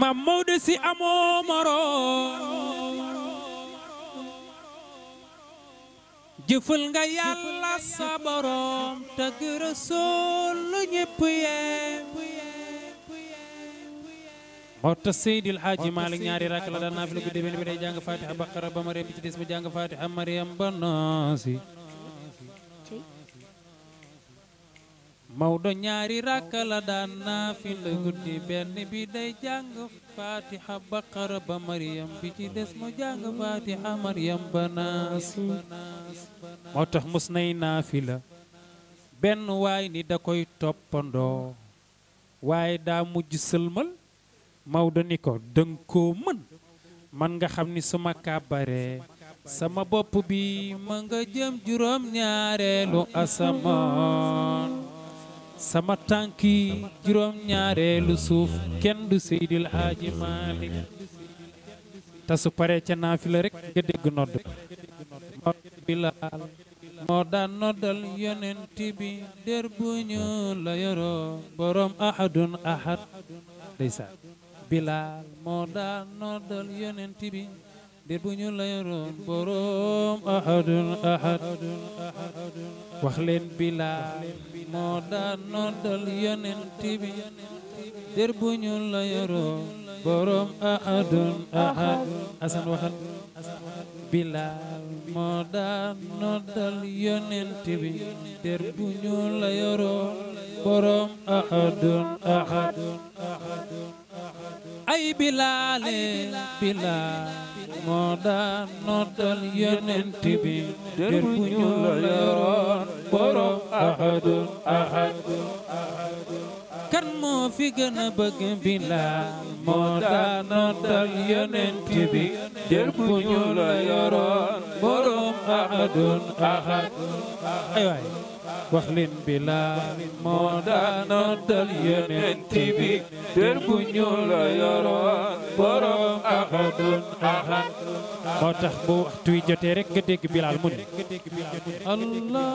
ma Maodo si amoo moroom jëfal nga yàlla sa boroom tagg rasool lu ñépp moo tax Seydil Haaji Maalik ñaari rakk la daan naa fi la guddi benn bi day jàng Faatiha ba Maryam bi ci des mu jàng Faatiha Maryam ba Naasi maudo nyari raka danna filo guddi berni bidai janggof fatiha bakara ba mariam biji desmo mo janga fatiha mariam banas moo tax na filo Ben benn ni da koy toppandoo waaye da mujj selmal maudo ni ko dëng koo man nga suma kabare sama bopp bi ma nga jëm juróom ñaareelu sama tànki juróom ñaareelu suuf kenn du Seydil Haaji Malick te su paree ca naafila rek nga dégg nodd moo moo daan noddal yonent bi der bu ñu la yoroo boroom ahadun ahad ndeysaan bilaal moo daan noddal yonent bi dir bu ñu la yoroon boroom ahadun ahad wax leen bilaa moo daan noddal yonent bi dir bu ñu la yoroon boroom ahadun ahad asan waxal bilaa moo daan noddal yonent bi dir bu ñu la yoroon boroom ahadun ahad ay bilaale bilaal moo daan noddal yonent bi der bu ñu la yoroon borom ahadu ahadu kan moo fi gën a bëgg bilaal moo daan noddal yonent bi der bu ñu la yoroon borom ahadu ahadu wax leen bilaal moo daanoon dal yonent bi der bu ñuul la yoroon borom axadun axad moo tax bu waxtu wi jotee rek nga dégg bilaal akbar allah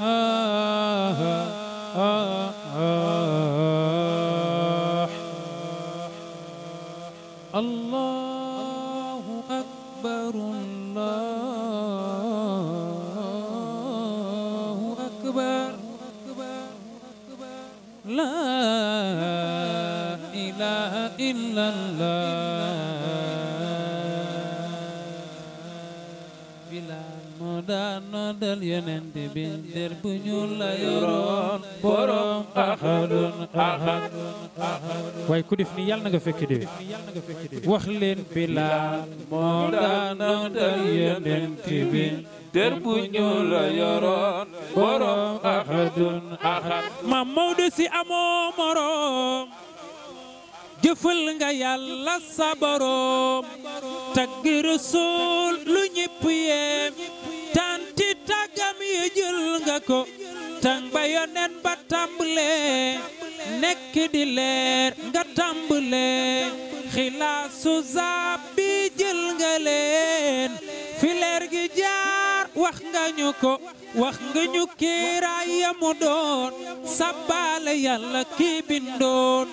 الله أكبر الله أكبر لا إله إلا الله daan noddal bi der bu ñuul la yoroon borom ahadun waaye ku def ni yàlla nga fekk déwén wax leen Bilaal moo daan noddal yonent bi der bu ñuul la yoroon borom ahadun ahad maam Maodo si amoo morom jëfal nga yàlla sa borom tagg Rasuul lu ñëpp jël tàng ba yonen ba tàmbalee nekk di leer nga tàmbalee xilaasu zaab bi jël nga leen fi leer gi jaar wax nga ñu ko wax nga ñu kiiraay mu doon sabbaale yàlla kii bindoon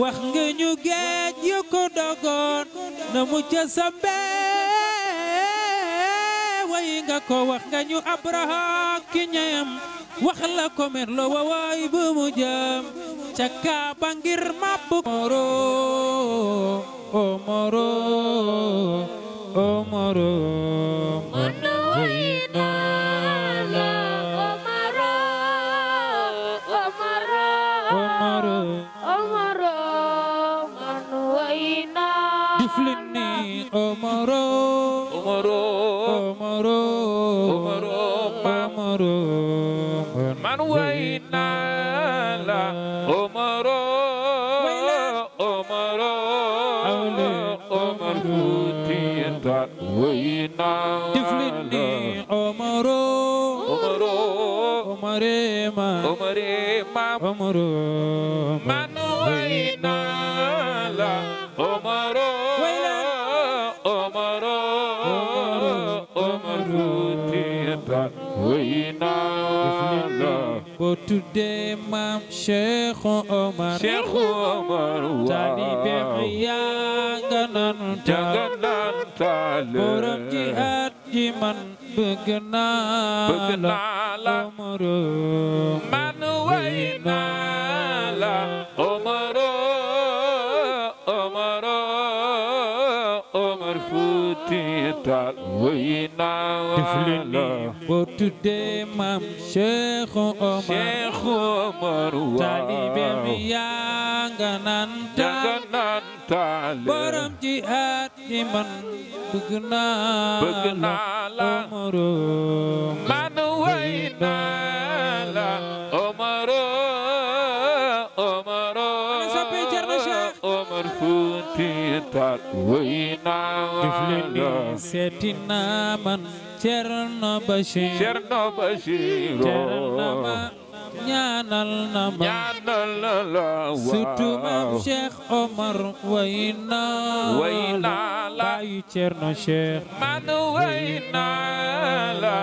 wax nga ñu geej yu ko dogoon na mu ca sa way nga ko wax nga ñu abraham ki ñayam wax la ko mer lo way bu mu jëm ca kaaba ngir mabbu moro o moro o moro أمراء أمراء أمر فتيت وينا تفلني أمراء أمراء أمر ما أمر ما أمر من وينا boo tuddee maam Cheikh Omar Cheikh Omar waaw taalibeem yaa nga naan taal borom jihaad ji man bëgg naa la oh. man way deflini for today maam Cheikh Omar Cheikh Omar wa talibe bi yaa nga naan taal borom ji aat ci man bëgg naa la Omar man way naa tat wayna Omar wayna wayna la baayu cerno Cheikh man wayna la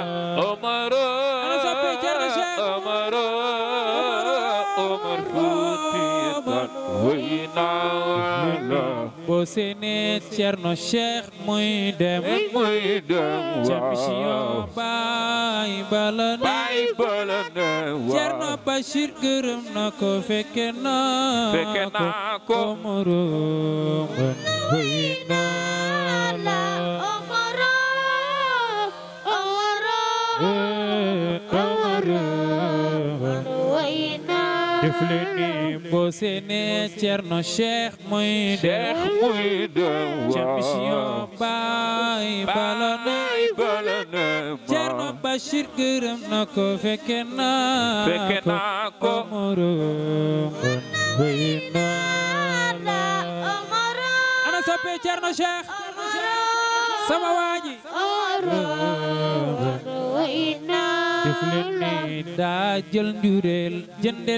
boo seenee Cerno Cheikh muy dem muy dem waaw baay bala ne Cerno Bachir gërëm na ko fekke na ko mu romb def leen ni boo seenee Cerno Cheikh muy dem muy dem waa Cerno Baay bala na Cerno Bachir gërëm na ko fekke naa ko moroom bay naa la ana soppe Cerno Cheikh sama waaji def leen ni daa jël njureel jënde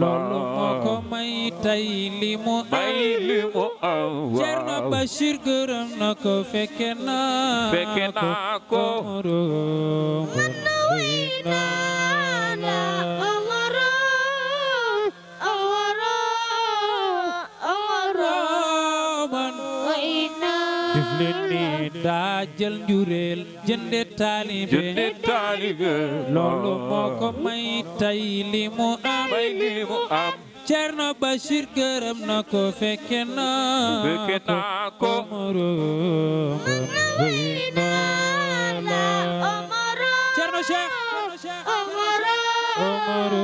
loolu moo ko may tay li mu am li mu gërëm na ko fekke naa ko fekke naa def leen ni daa jël njureel jënde taalibe jënde taalibe loolu ah. moo ko may tay li mu am may li mu am Cerno Bachir gërëm na ko fekke naa fekke naa ko Cerno Cheikh Omaro Omaro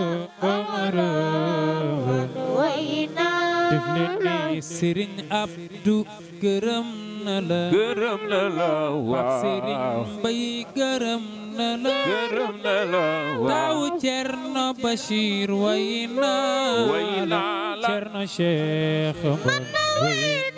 Omaro def leen ni Serigne Abdou gërëm na la gërëm na la waaw Serigne Mbaye gërëm na la gërëm na la waaw taw Cerno Bachir way na la Cerno Cheikh Mbaye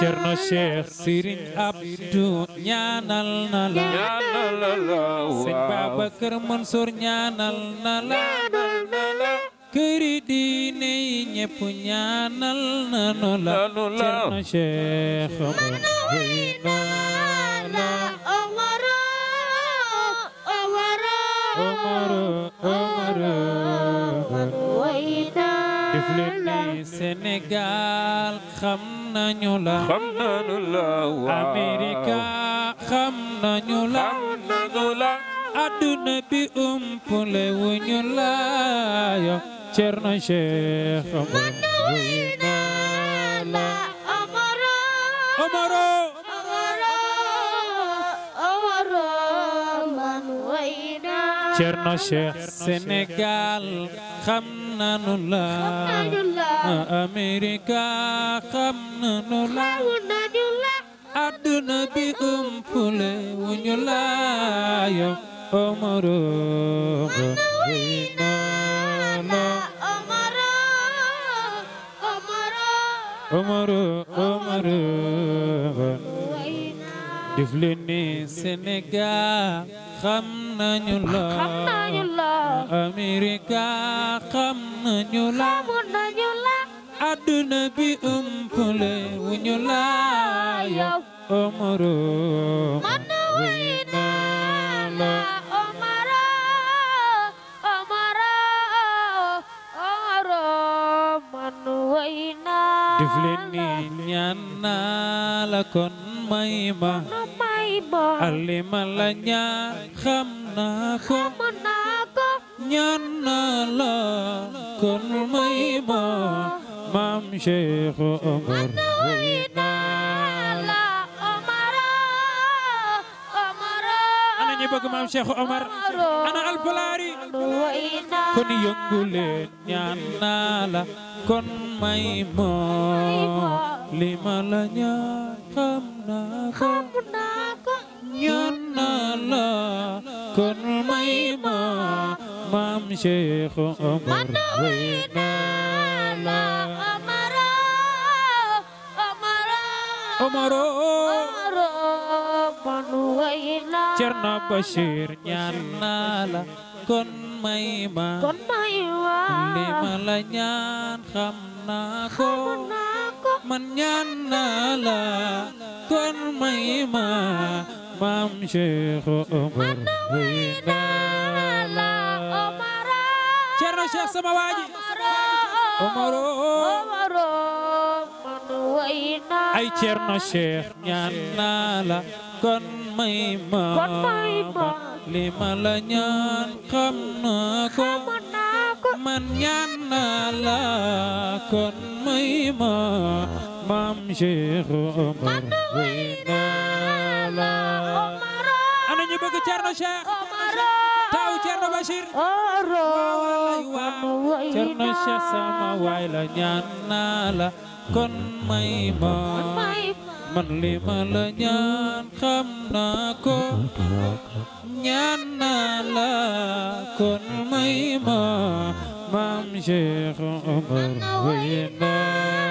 Cerno Cheikh Sëriñ Abdou ñaanal na la ñaanal na nal Sëñ Babacar Mansour ñaanal na la këri diine nal ñëpp ñaanal nanu la Cerno Cheikh Omaro Omaro Omaro def leen ni Sénégal xam nañu la. xam nañu la waaw Amérique xam nañu la. xam nañu la. adduna bi umpule wuñu la yo Cerno Cheikh. manu yi na la Omaro. Omaro. Cerno Sénégal xam nanu la Amerika xam nanu la adduna bi ëmpule wuñu la yow Omaro Omaro Omaro def leen ni Sénégal xam nañu la xam nañu la la xamoon nañu la àdduna bi ëmpule la yow Omaro man way la Omaro Omaro Omaro man la def ni ñaan naa la kon may ma bor alima la ñaan xam naa ko naa ko naa la kon may ma maam Cheikh Omar bëgg maam Cheikh Omar ana alfalaari kon yëngu leen ñaan naa la kon may moo lima ma la ñaan xam naa ko ñaan naa la kon may moo maam Cheikh Omar Omaro Omaro Omaro Cerno Bachir ñaan naa la kon may ñaan xam man ñaan la kon may ma maam Cheikh Omar may naa la Cerno Cheikh sama waaji Omaro ay Cerno Cheikh ñaan naa la là கண்மை மலைமலையான் கம்னாகும் மன்யான் கண்மை மாம் சேகோ Anu nyebut ke Cerno Syekh Tahu sao mà Cerno Syekh sama là nala Kon maimah mình li mà là nhan na cô nhan na là con mấy mà mam che không ở bên